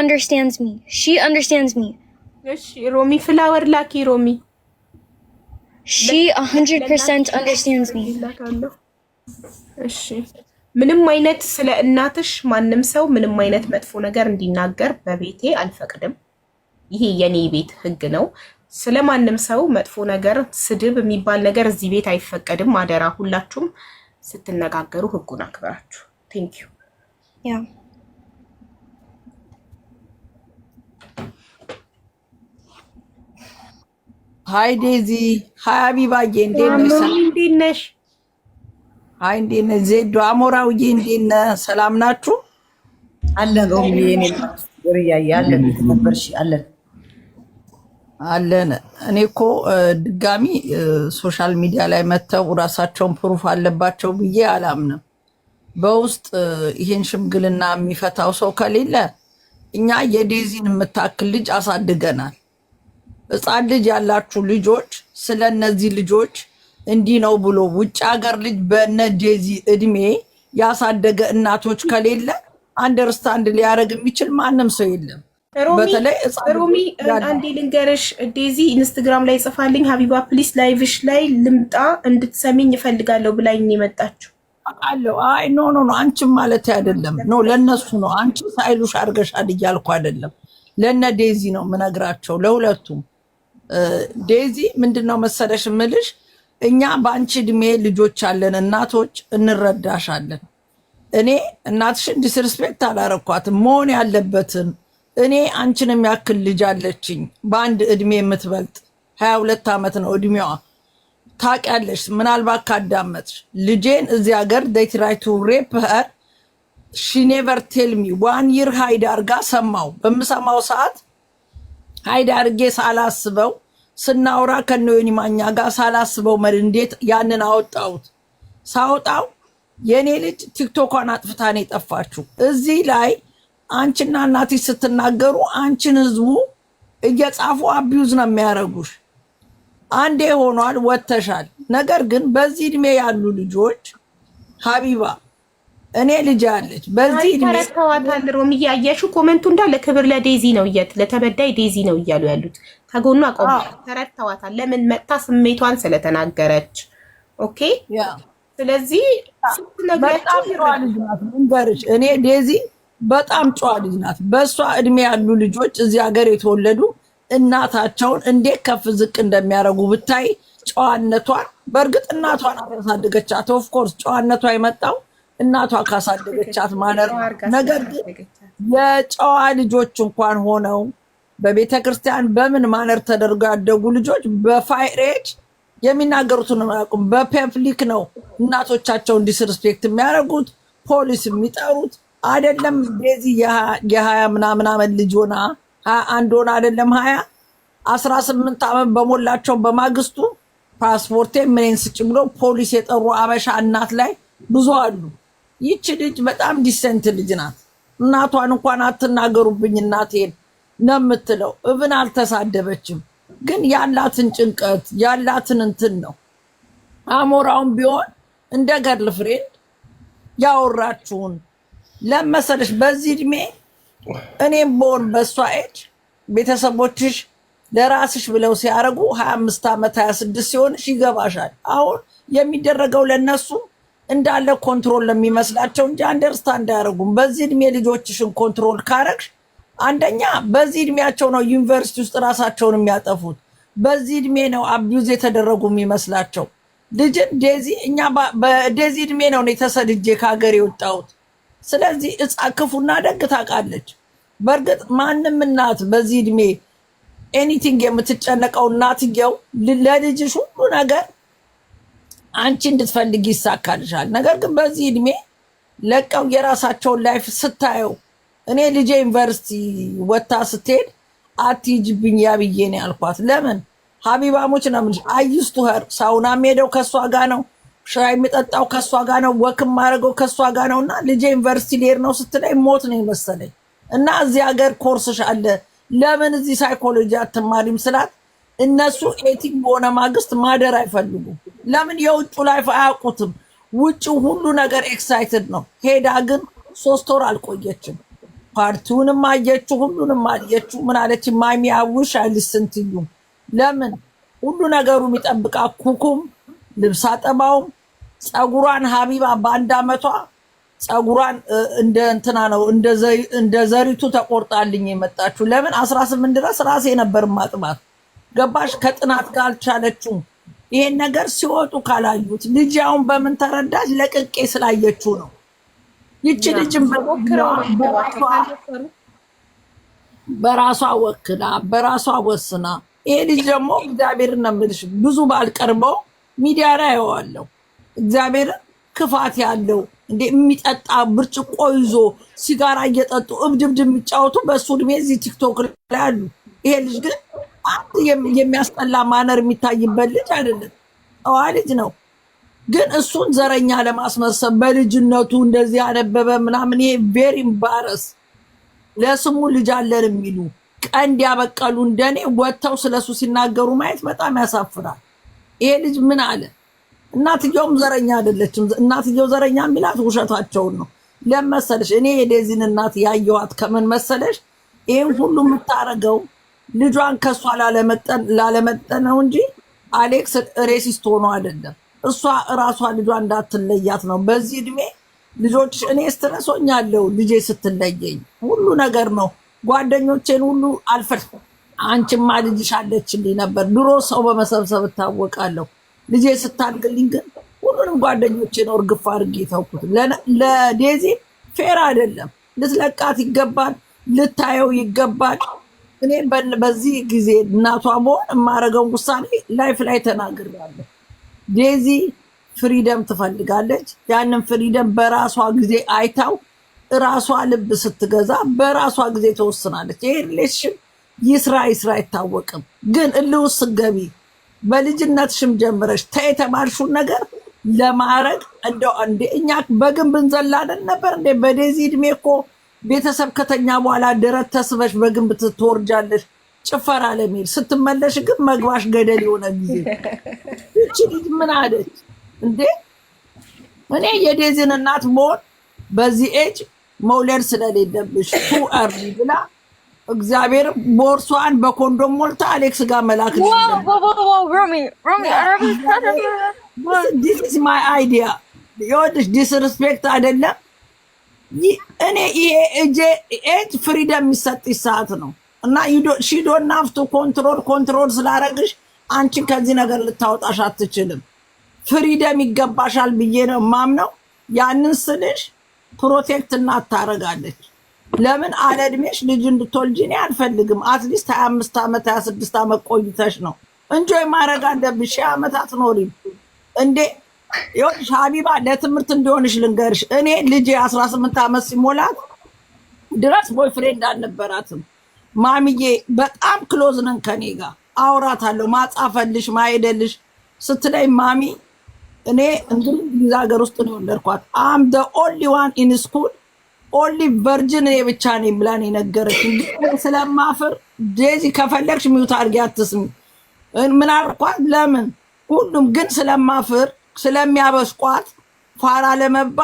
አንደርስታንድስ ሚ ሺ አንደርስታንድስ ሚ። እሺ ሮሚ ፍላወር ላኪ ሮሚ። ሺ 100% አንደርስታንድስ ሚ። እሺ ምንም አይነት ስለ እናትሽ ማንም ሰው ምንም አይነት መጥፎ ነገር እንዲናገር በቤቴ አልፈቅድም። ይሄ የኔ ቤት ህግ ነው። ስለ ማንም ሰው መጥፎ ነገር፣ ስድብ የሚባል ነገር እዚህ ቤት አይፈቀድም። አደራ ሁላችሁም ስትነጋገሩ ህጉን አክብራችሁ። ቴንክ ዩ ያ ሀይ ዴዚ፣ ሀይ አቢባዬ፣ እንዴት ነሽ? እንዴት እንዴት ነሽ? ዜዶ አሞራውዬ፣ እንዴት ነህ? ሰላም ናችሁ? አለን አለን አለን አለን። እኔ እኮ ድጋሚ ሶሻል ሚዲያ ላይ መጥተው እራሳቸውን ፕሩፍ አለባቸው ብዬ አላምንም። በውስጥ ይሄን ሽምግልና የሚፈታው ሰው ከሌለ እኛ የዴዚን የምታክል ልጅ አሳድገናል። ሕፃን ልጅ ያላችሁ ልጆች ስለ እነዚህ ልጆች እንዲህ ነው ብሎ ውጭ ሀገር ልጅ በነዴዚ እድሜ ያሳደገ እናቶች ከሌለ አንደርስታንድ ሊያደርግ የሚችል ማንም ሰው የለም። በተለይ ሮሚ አንዴ ልንገርሽ፣ ዴዚ ኢንስትግራም ላይ ጽፋልኝ ሀቢባ ፕሊስ ላይቭሽ ላይ ልምጣ እንድትሰሚኝ እፈልጋለሁ ብላኝ የመጣችው አለው። አይ ኖ ኖ ኖ አንቺም ማለት አይደለም ኖ ለነሱ ነው። አንቺ ሳይሉሽ አድርገሻል እያልኩ አይደለም፣ ለነ ዴዚ ነው ምነግራቸው ለሁለቱም ዴዚ ምንድነው ነው መሰለሽ እኛ በአንቺ እድሜ ልጆች አለን፣ እናቶች እንረዳሻለን። እኔ እናትሽን ዲስርስፔክት አላረኳትም። መሆን ያለበትን እኔ አንቺን የሚያክል ልጅ አለችኝ፣ በአንድ እድሜ የምትበልጥ ሀያ ሁለት ዓመት ነው እድሜዋ። ታውቂያለሽ፣ ምናልባት ካዳመጥሽ ልጄን እዚህ ሀገር ዴትራይቱ ሬፕ ሄር ዋን ይር ሀይድ አርጋ ሰማው። በምሰማው ሰዓት ሀይድ አድርጌ ሳላስበው ስናውራ ከነዮኒ ማኛ ጋር ሳላስበው መድ እንዴት ያንን አወጣሁት። ሳወጣው የእኔ ልጅ ቲክቶኳን አጥፍታን የጠፋችው እዚህ ላይ አንቺና እናትሽ ስትናገሩ አንቺን ህዝቡ እየጻፉ አቢዩዝ ነው የሚያደርጉሽ። አንዴ ሆኗል፣ ወጥተሻል። ነገር ግን በዚህ እድሜ ያሉ ልጆች ሀቢባ እኔ ልጅ አለች በዚህ ተረከዋታል። ሮምዬ እያየሹ ኮመንቱ እንዳለ ክብር ለዴዚ ነው እያት ለተበዳይ ዴዚ ነው እያሉ ያሉት ከጎኑ አቆም ተረድተዋታል። ለምን መጥታ ስሜቷን ስለተናገረች። ኦኬ ስለዚህ በጣም እኔ ዴዚ በጣም ጨዋ ልጅ ናት። በእሷ እድሜ ያሉ ልጆች እዚህ ሀገር የተወለዱ እናታቸውን እንዴት ከፍ ዝቅ እንደሚያደርጉ ብታይ ጨዋነቷን። በእርግጥ እናቷን አሳደገቻት። ኦፍኮርስ ጨዋነቷ የመጣው እናቷ ካሳደገቻት ማነር ነገር ግን የጨዋ ልጆች እንኳን ሆነው በቤተ ክርስቲያን በምን ማነር ተደርገው ያደጉ ልጆች በፋይሬጅ ኤጅ የሚናገሩትን አያውቁም። በፐብሊክ ነው እናቶቻቸውን ዲስርስፔክት የሚያደርጉት ፖሊስ የሚጠሩት አይደለም። ቤዚ የሀያ ምናምን አመት ልጅ ሆና ሀያ አንድ ሆና አይደለም ሀያ አስራ ስምንት አመት በሞላቸው በማግስቱ ፓስፖርቴ ምኔን ስጭ ብሎ ፖሊስ የጠሩ አበሻ እናት ላይ ብዙ አሉ። ይቺ ልጅ በጣም ዲሰንት ልጅ ናት። እናቷን እንኳን አትናገሩብኝ እናቴን ነው የምትለው። እብን አልተሳደበችም፣ ግን ያላትን ጭንቀት ያላትን እንትን ነው። አሞራውን ቢሆን እንደ ገርል ፍሬንድ ያወራችሁን ለመሰለሽ በዚህ እድሜ እኔም በሆን በእሷ ኤጅ ቤተሰቦችሽ ለራስሽ ብለው ሲያደርጉ ሀያ አምስት ዓመት ሀያ ስድስት ሲሆንሽ ይገባሻል። አሁን የሚደረገው ለእነሱም እንዳለ ኮንትሮል ለሚመስላቸው እንጂ አንደርስታንድ አያደርጉም። በዚህ እድሜ ልጆችሽን ኮንትሮል ካረግሽ አንደኛ በዚህ እድሜያቸው ነው ዩኒቨርሲቲ ውስጥ ራሳቸውን የሚያጠፉት። በዚህ እድሜ ነው አቢዩዝ የተደረጉ የሚመስላቸው። ልጅን ዴዚ እኛ በዴዚ እድሜ ነው የተሰድጄ ከሀገር የወጣሁት። ስለዚህ እጻ ክፉና ደግ ታውቃለች። በእርግጥ ማንም እናት በዚህ እድሜ ኤኒቲንግ የምትጨነቀው እናትየው ለልጅሽ ሁሉ ነገር አንቺ እንድትፈልግ ይሳካልሻል። ነገር ግን በዚህ እድሜ ለቀው የራሳቸውን ላይፍ ስታየው እኔ ልጄ ዩኒቨርሲቲ ወታ ስትሄድ አትሂጂብኝ ያ ብዬ ነው ያልኳት። ለምን ሀቢባሞች ነው ምን አይስቱ ሀር ሳውና የምሄደው ከእሷ ጋ ነው፣ ሻይ የሚጠጣው ከእሷ ጋ ነው፣ ወክ ማድረገው ከእሷ ጋ ነው። እና ልጄ ዩኒቨርሲቲ ልሄድ ነው ስትለኝ ሞት ነው የመሰለኝ። እና እዚህ ሀገር ኮርስሽ አለ ለምን እዚህ ሳይኮሎጂ አትማሪም ስላት እነሱ ኤቲክ በሆነ ማግስት ማደር አይፈልጉም። ለምን የውጭ ላይፍ አያውቁትም። ውጭ ሁሉ ነገር ኤክሳይትድ ነው። ሄዳ ግን ሶስት ወር አልቆየችም። ፓርቲውንም አየችው፣ ሁሉንም አየችው። ምን አለች? ማሚ አውሽ አይልስንትዩ ለምን ሁሉ ነገሩ የሚጠብቃ ኩኩም፣ ልብስ አጠባውም፣ ፀጉሯን ሀቢባ በአንድ አመቷ ፀጉሯን እንደ እንትና ነው እንደ ዘሪቱ ተቆርጣልኝ የመጣችው። ለምን አስራ ስምንት ድረስ ራሴ ነበር ማጥባት ገባሽ? ከጥናት ጋር አልቻለችውም። ይሄን ነገር ሲወጡ ካላዩት ልጅ አሁን በምን ተረዳች? ለቅቄ ስላየችው ነው። ይቺ ልጅም በራሷ ወክላ በራሷ ወስና፣ ይሄ ልጅ ደግሞ እግዚአብሔር ነው የምልሽ ብዙ ባልቀርበው ሚዲያ ላይ አየዋለሁ። እግዚአብሔር ክፋት ያለው እንደ የሚጠጣ ብርጭቆ ይዞ ሲጋራ እየጠጡ እብድ እብድ የሚጫወቱ በእሱ እድሜ እዚህ ቲክቶክ ላይ አሉ። ይሄ ልጅ ግን አንድ የሚያስጠላ ማነር የሚታይበት ልጅ አይደለም፣ ጠዋ ልጅ ነው። ግን እሱን ዘረኛ ለማስመሰብ በልጅነቱ እንደዚህ ያነበበ ምናምን፣ ይሄ ቬሪ ኢምባረስ ለስሙ ልጅ አለን የሚሉ ቀንድ ያበቀሉ እንደኔ ወጥተው ስለሱ ሲናገሩ ማየት በጣም ያሳፍራል። ይሄ ልጅ ምን አለ? እናትየውም ዘረኛ አይደለችም። እናትየው ዘረኛ የሚላት ውሸታቸውን ነው። ለመሰለሽ እኔ የዴዚን እናት ያየዋት ከምን መሰለሽ ይህም ሁሉ የምታረገው ልጇን ከእሷ ላለመጠ ነው እንጂ አሌክስ ሬሲስት ሆኖ አይደለም። እሷ እራሷ ልጇ እንዳትለያት ነው። በዚህ እድሜ ልጆች እኔ ስትረሶኛለው ልጄ ስትለየኝ ሁሉ ነገር ነው። ጓደኞቼን ሁሉ አልፈድ አንቺማ ልጅሽ አለችልኝ ነበር። ድሮ ሰው በመሰብሰብ እታወቃለሁ። ልጄ ስታድግልኝ ግን ሁሉንም ጓደኞቼን እርግፍ አድርጌ ተውኩት። ለዴዚ ፌር አይደለም። ልትለቃት ይገባል። ልታየው ይገባል። እኔ በዚህ ጊዜ እናቷ መሆን የማደርገውን ውሳኔ ላይፍ ላይ ተናግሬያለሁ። ዴዚ ፍሪደም ትፈልጋለች። ያንን ፍሪደም በራሷ ጊዜ አይታው ራሷ ልብ ስትገዛ በራሷ ጊዜ ተወስናለች። ይሄ ሌሽም ይስራ ይስራ አይታወቅም። ግን እልውስ በልጅነት በልጅነትሽም ጀምረሽ ተይ ነገር ለማድረግ እንደ እኛ በግንብ እንዘላለን ነበር እንደ በዴዚ እድሜ እኮ ቤተሰብ ከተኛ በኋላ ደረት ተስበሽ በግንብ ትወርጃለሽ፣ ጭፈራ ለመሄድ ስትመለሽ ግን መግባሽ ገደል የሆነ ጊዜ ይቺ ልጅ ምን አለች እንዴ? እኔ የዴዚን እናት መሆን በዚህ ኤጅ መውለድ ስለሌለብሽ ቱ አርሊ ብላ እግዚአብሔር ቦርሷን በኮንዶም ሞልታ አሌክስ ጋር መላክ ዲስ ኢዝ ማይ አይዲያ ይኸውልሽ፣ ዲስሪስፔክት አይደለም እኔ ይሄ ኤጅ ፍሪደም የሚሰጥሽ ሰዓት ነው እና ሺዶና ፍቱ ኮንትሮል ኮንትሮል ስላረግሽ አንቺን ከዚህ ነገር ልታወጣሽ አትችልም። ፍሪደም ይገባሻል ብዬ ነው የማምነው። ያንን ስልሽ ፕሮቴክት እናታረጋለች። ለምን አለ እድሜሽ ልጅ እንድትወልጂ እኔ አልፈልግም። አትሊስት ሀያ አምስት ዓመት ሀያ ስድስት ዓመት ቆይተሽ ነው እንጆይ ማድረግ አለብሽ። ሺህ ዓመት አትኖሪም እንዴ ይኸውልሽ ሀቢባ ለትምህርት እንደሆንሽ ልንገርሽ። እኔ ልጄ አስራ ስምንት ዓመት ሲሞላት ድረስ ቦይፍሬንድ አልነበራትም። ማሚዬ በጣም ክሎዝ ነን ከኔ ጋር አውራታለሁ፣ ማጻፈልሽ ማሄደልሽ ስትለኝ ማሚ እኔ እንግዲህ እንግሊዝ ሀገር ውስጥ ነው የወለድኳት። አም ደ ኦንሊ ዋን ኢን ስኩል ኦንሊ ቨርጅን እኔ ብቻ ነኝ ብላን የነገረች ስለማፍር ዴዚ ከፈለግሽ ሚዩት አድርጊ አትስሚ ምን አልኳት። ለምን ሁሉም ግን ስለማፍር ስለሚያበስቋት ፋራ ለመባል